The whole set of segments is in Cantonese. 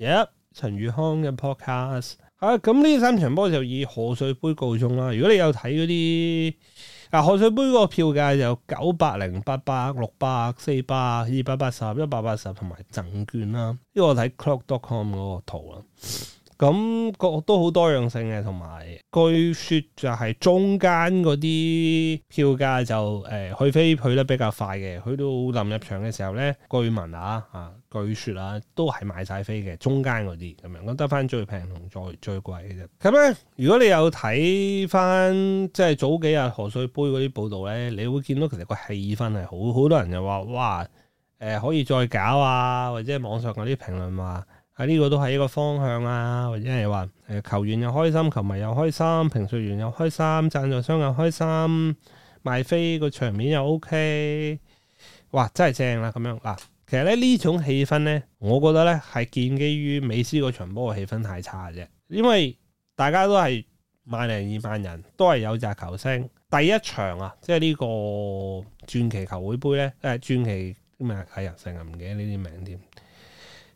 陳、yeah, 宇康嘅 podcast 啊，咁呢三場波就以賀歲杯告終啦。如果你有睇嗰啲，賀歲杯個票價就九百、零八百、六百、四百、二百八十、一百八十同埋贈券啦。呢個我睇 clock.com 嗰個圖啦。咁個都好多樣性嘅，同埋據說就係中間嗰啲票價就誒、呃、去飛去得比較快嘅，去到臨入場嘅時候咧，據聞啊啊據說啊，都係買晒飛嘅中間嗰啲咁樣，咁得翻最平同最最貴嘅啫。咁咧，如果你有睇翻即係早幾日賀歲杯嗰啲報道咧，你會見到其實個氣氛係好好多人又話哇、呃、可以再搞啊，或者網上嗰啲評論話。喺、這、呢個都係一個方向啊，或者係話誒，球員又開心，球迷又開心，評述員又開心，贊助商又開心，賣飛個場面又 OK，哇！真係正啦、啊、咁樣嗱。其實咧呢種氣氛咧，我覺得咧係建基於美斯嗰場波嘅氣氛太差啫，因為大家都係萬零二萬人都係有扎球星，第一場啊，即係呢個傳奇球會杯咧，誒、呃，傳奇咩係成日唔記得呢啲名添。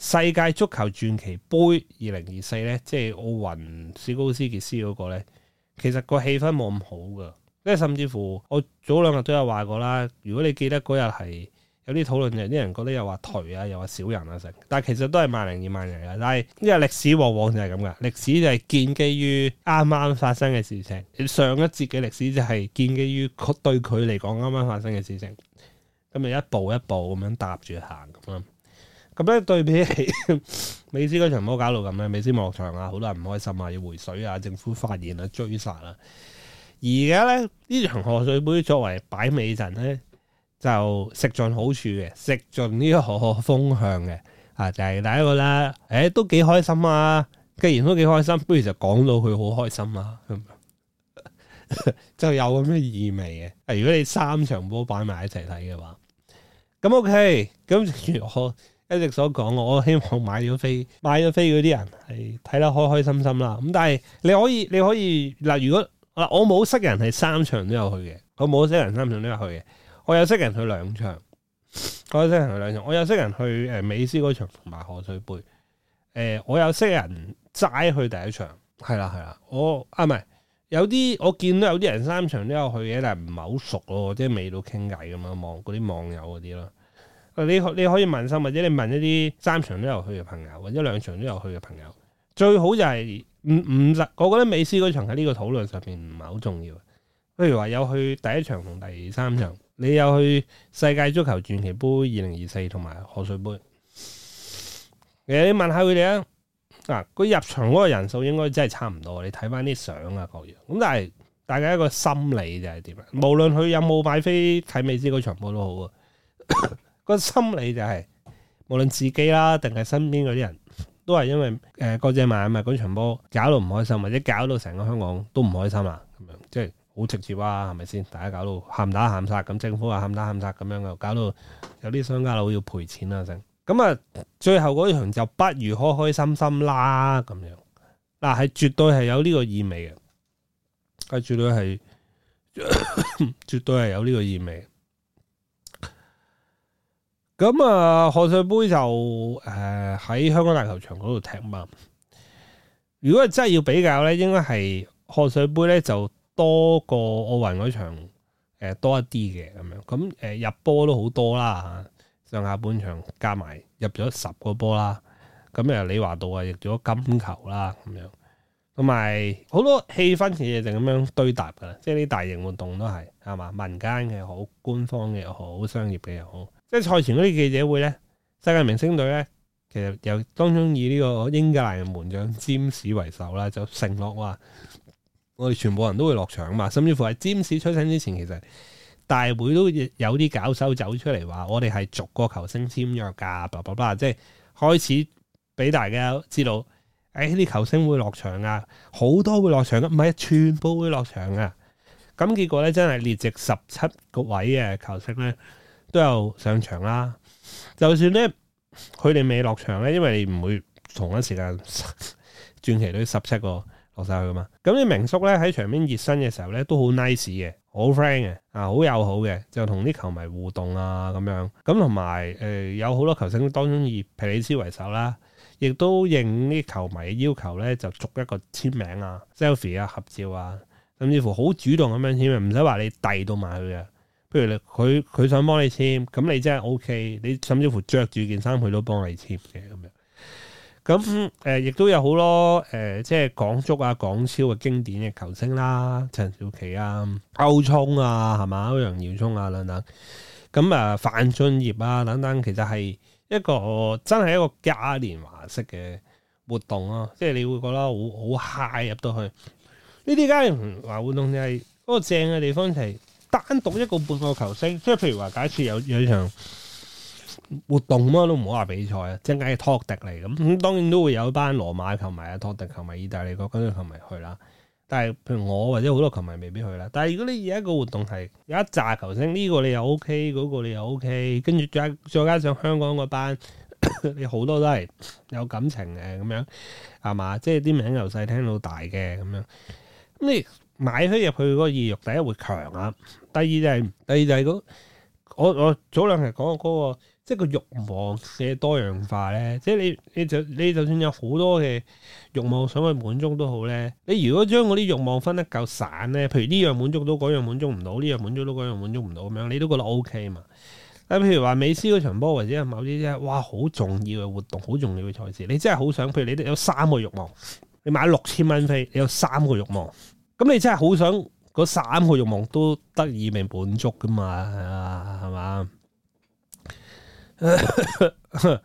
世界足球傳奇杯二零二四呢，即係奧運史高斯傑斯嗰個呢，其實個氣氛冇咁好㗎，即係甚至乎我早兩日都有話過啦。如果你記得嗰日係有啲討論，有啲人覺得又話頹啊，又話少人啊，成，但係其實都係萬零二萬人啊。但係因為歷史往往就係咁㗎，歷史就係建基於啱啱發生嘅事情，上一節嘅歷史就係建基於對佢嚟講啱啱發生嘅事情，咁咪一步一步咁樣搭住行咁啊。咁、嗯、樣對比起，起美斯嗰場波搞到咁咧，美斯莫場啊，好多人唔開心啊，要回水啊，政府發言啦，追殺啦。而家咧呢場賀歲杯作為擺尾陣咧，就食盡好處嘅，食盡呢一個風向嘅啊，就係、是、第一個啦。誒、哎，都幾開心啊！既然都幾開心，不如就講到佢好開心啊，嗯、 就有咁嘅意味嘅、啊。如果你三場波擺埋一齊睇嘅話，咁 OK，咁如我。一直所講，我希望買咗飛買咗飛嗰啲人係睇得開開心心啦。咁但係你可以你可以嗱，如果嗱我冇識人係三場都有去嘅，我冇識人三場都有去嘅。我有識人去兩場，我有識人去兩場。我有識人，人去誒美斯嗰場同埋賀歲杯、呃。我有識人齋去第一場，係啦係啦。我啊唔係有啲我見到有啲人三場都有去嘅，但係唔係好熟咯，即係未到傾偈咁樣網嗰啲網友嗰啲咯。你你可以問心，或者你問一啲三場都有去嘅朋友，或者兩場都有去嘅朋友，最好就係五五十。我覺得美斯嗰場喺呢個討論上邊唔係好重要。譬如話有去第一場同第三場，你有去世界足球傳奇杯二零二四同埋賀歲杯。誒，你問一下佢哋啊，嗱，佢入場嗰個人數應該真係差唔多。你睇翻啲相啊各樣。咁但係大家一個心理就係點啊？無論佢有冇買飛睇美斯嗰場波都好啊。 個心理就係、是、無論自己啦，定係身邊嗰啲人都係因為誒郭敬明啊場波搞到唔開心，或者搞到成個香港都唔開心啦，咁樣即係好直接啊，係咪先？大家搞到喊打喊殺，咁政府話喊打喊殺咁樣又搞到有啲商家佬要賠錢啊剩，咁啊最後嗰場就不如開開心心啦，咁樣嗱係絕對係有呢個意味嘅，係絕對係絕對係有呢個意味。咁啊，賀歲杯就誒喺、呃、香港大球場嗰度踢嘛。如果真係要比較咧，應該係賀歲杯咧就多過奧運嗰場誒、呃、多一啲嘅咁樣。咁、呃、誒入波都好多啦，上下半場加埋入咗十個波啦。咁誒，李華道啊入咗金球啦咁樣，同埋好多氣氛其實就咁樣堆搭噶啦。即係啲大型活動都係係嘛，民間嘅好，官方嘅又好，商業嘅又好。即係賽前嗰啲記者會咧，世界明星隊咧，其實由當中以呢個英格蘭嘅門將詹士為首啦，就承諾話我哋全部人都會落場嘛。甚至乎喺詹士出身之前，其實大會都有啲搞手走出嚟話，我哋係逐個球星簽約噶、啊，爸爸，a 即係開始俾大家知道，誒、哎、呢啲球星會落場啊，好多會落場、場啊，唔係全部會落場啊。咁結果咧真係列席十七個位嘅球星咧，都有上場啦，就算咧佢哋未落場咧，因為你唔會同一時間，傳奇隊十七個落晒去嘛。咁啲名宿咧喺場邊熱身嘅時候咧，都好 nice 嘅，好 friend 嘅，啊好友好嘅，就同啲球迷互動啊，咁樣。咁同埋誒，有好多球星當中以皮里斯為首啦，亦都應啲球迷嘅要求咧，就逐一個簽名啊、selfie 啊、合照啊，甚至乎好主動咁樣，簽名，唔使話你遞到埋去嘅。譬如你佢佢想幫你簽，咁你真係 OK，你甚至乎着住件衫佢都幫你簽嘅咁樣。咁誒，亦、呃、都有好多誒、呃，即係港足啊、港超嘅經典嘅球星啦、啊，陳小奇啊、歐聰啊，係嘛，歐陽耀聰啊等等。咁啊，范俊業啊等等，其實係一個真係一個嘉年華式嘅活動咯、啊，即係你會覺得好好嗨，入到去。呢啲嘉年華活動，就係，就係嗰個正嘅地方係。單獨一個半個球星，即係譬如話，假設有有場活動咁啊，都唔好話比賽啊，即係講托迪嚟咁，咁當然都會有一班羅馬球迷啊、托迪球迷、意大利國跟嘅球迷去啦。但係譬如我或者好多球迷未必去啦。但係如果你有一個活動係有一紮球星，呢、呢個你又 OK，嗰個你又 OK，跟住再再加上香港嗰班， 你好多都係有感情嘅咁樣，係嘛？即係啲名由細聽到大嘅咁樣，咁你，買飛入去嗰個意欲，第一會強啊，第二就係第二就係嗰，我我早兩日講嗰個，即係個欲望嘅多樣化咧，即係你你就你就算有好多嘅欲望想去滿足都好咧，你如果將嗰啲欲望分得夠散咧，譬如呢樣滿足到，嗰樣滿足唔到，呢樣滿足到，嗰樣滿足唔到咁樣，你都覺得 OK 嘛？但譬如話美斯嗰場波或者某啲啲，哇，好重要嘅活動，好重要嘅賽事，你真係好想，譬如你有三個欲望，你買六千蚊飛，你有三個欲望。咁你真係好想嗰三個欲望都得以未滿足噶嘛？係嘛？咁、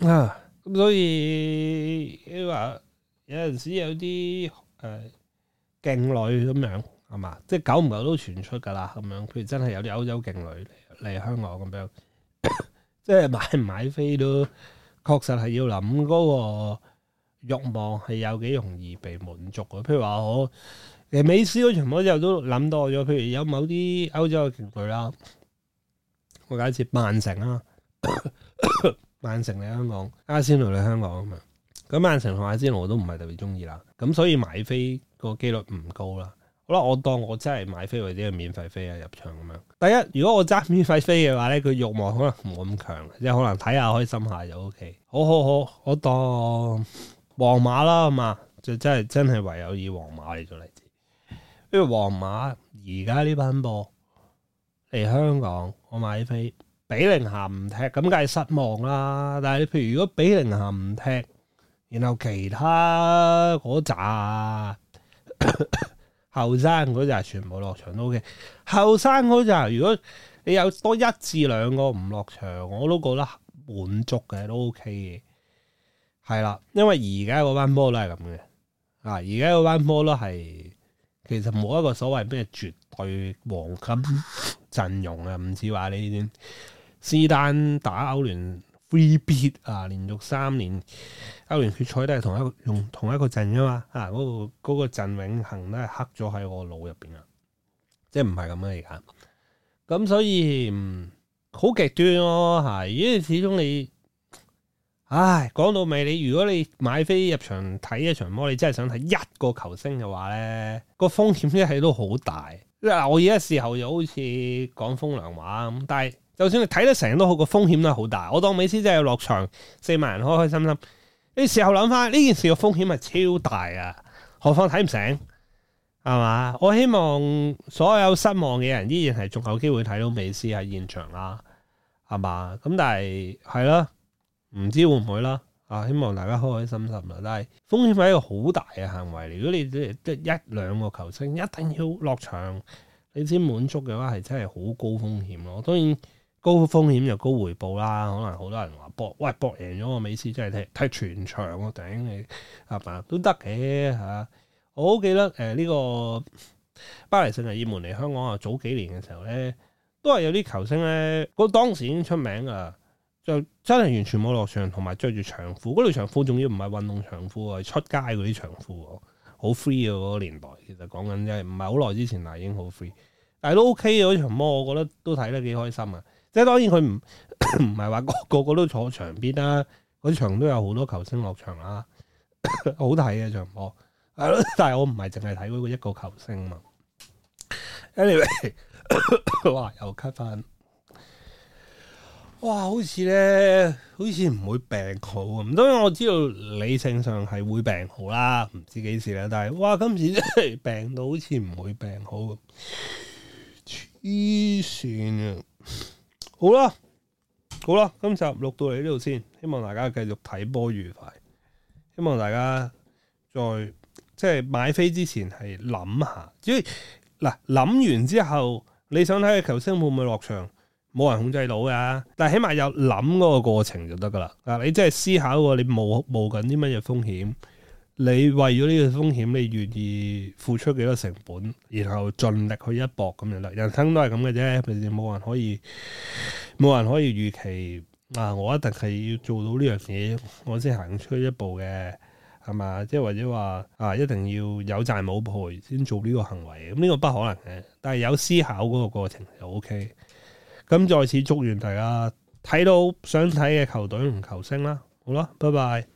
嗯 啊，、所以你話有陣時有啲誒勁女咁樣係嘛？即係、就是、久唔久都傳出噶啦。咁樣譬如真係有啲歐洲勁女嚟香港咁樣，即 係買唔買飛都確實係要諗嗰、嗰個。欲望係有幾容易被滿足嘅，譬如話我，其實美斯嗰場波之後都諗到咗，譬如有某啲歐洲嘅球隊啦，我假設曼城啦，曼城嚟香港，阿仙奴嚟香港咁樣，咁曼城同阿仙奴我都唔係特別中意啦，咁所以買飛個機率唔高啦，好啦，我當我真係買飛或者係免費飛啊入場咁樣，第一如果我揸免費飛嘅話咧，佢欲望可能冇咁強，即係可能睇下開心下就 OK，好好好，我當。皇馬啦，嘛就真係真係唯有以皇馬嚟做例子。因為皇馬而家呢班波嚟香港，我買飛比零下唔踢，咁梗係失望啦。但係你譬如如果比零下唔踢，然後其他嗰扎後生嗰紮全部落場都 OK。後生嗰紮如果你有多一至兩個唔落場，我都覺得滿足嘅，都 OK 嘅。係啦，因為而家嗰班波都係咁嘅，啊，而家嗰班波都係其實冇一個所謂咩絕對黃金陣容啊，唔似話你斯丹打歐聯 three-peat 啊，連續三年歐聯決賽都係同一個用同一個陣噶嘛，啊，嗰、嗰個、嗰個陣永恆都係刻咗喺我腦入邊啦，即係唔係咁樣嚟噶，咁所以好極端咯，啊，係、啊，因為始終你。唉，講到尾你如果你買飛入場睇一場波，你真係想睇一個球星嘅話咧，個風險一係都好大。嗱，我而家時候又好似講風涼話咁，但係就算你睇得成都好，個風險都係好大。我當美斯真係落場四萬人開開心心，你事後諗翻呢件事嘅風險係超大啊！何況睇唔成係嘛？我希望所有失望嘅人依然係仲有機會睇到美斯喺現場啦，係嘛？咁但係係咯。唔知會唔會啦啊！希望大家開開心心啦。但係風險係一個好大嘅行為。如果你即係一兩個球星一定要落場，你先滿足嘅話，係真係好高風險咯。當然高風險又高回報啦。可能好多人話，博，喂，博贏咗個美斯，真係踢踢全場喎，頂你係嘛，都得嘅。我好記得呢、呃呢個巴黎聖日耳門嚟香港啊，早幾年嘅時候咧，都係有啲球星咧，嗰當時已經出名啦就真係完全冇落場，同埋着住長褲。嗰條長褲仲要唔係運動長褲啊，出街嗰啲長褲，好 free 啊嗰、嗰個年代。其實講緊即係唔係好耐之前啦，已經好 free。但係都 OK 嗰場波，我覺得都睇得幾開心啊。即係當然佢唔唔係話個個都坐場邊啦，嗰場都有好多球星落場啦， 好睇嘅、啊、場波。 但係我唔係淨係睇嗰一個球星嘛。Anyway，話 又 cut 翻。哇！好似咧，好似唔會病好咁！唔當然我知道理性上係會病好啦，唔知幾時啦，但係哇，今次真係病到好似唔會病好咁，黐線啊！好啦，好啦，今集錄到嚟呢度先，希望大家繼續睇波愉快，希望大家再即係買飛之前係諗下，即係嗱諗完之後，你想睇嘅球星會唔會落場？冇人控制到噶，但係起碼有諗嗰個過程就得噶啦。啊，你真係思考過，你冒冒緊啲乜嘢風險？你為咗呢個風險，你願意付出幾多成本？然後盡力去一搏咁樣啦。人生都係咁嘅啫，平時冇人可以冇人可以預期啊！我一定係要做到呢樣嘢，我先行出一步嘅，係嘛？即係或者話啊，一定要有賺冇賠先做呢個行為，咁呢個不可能嘅。但係有思考嗰個過程就 OK。咁再次祝願大家睇到想睇嘅球隊同球星啦，好啦，拜拜。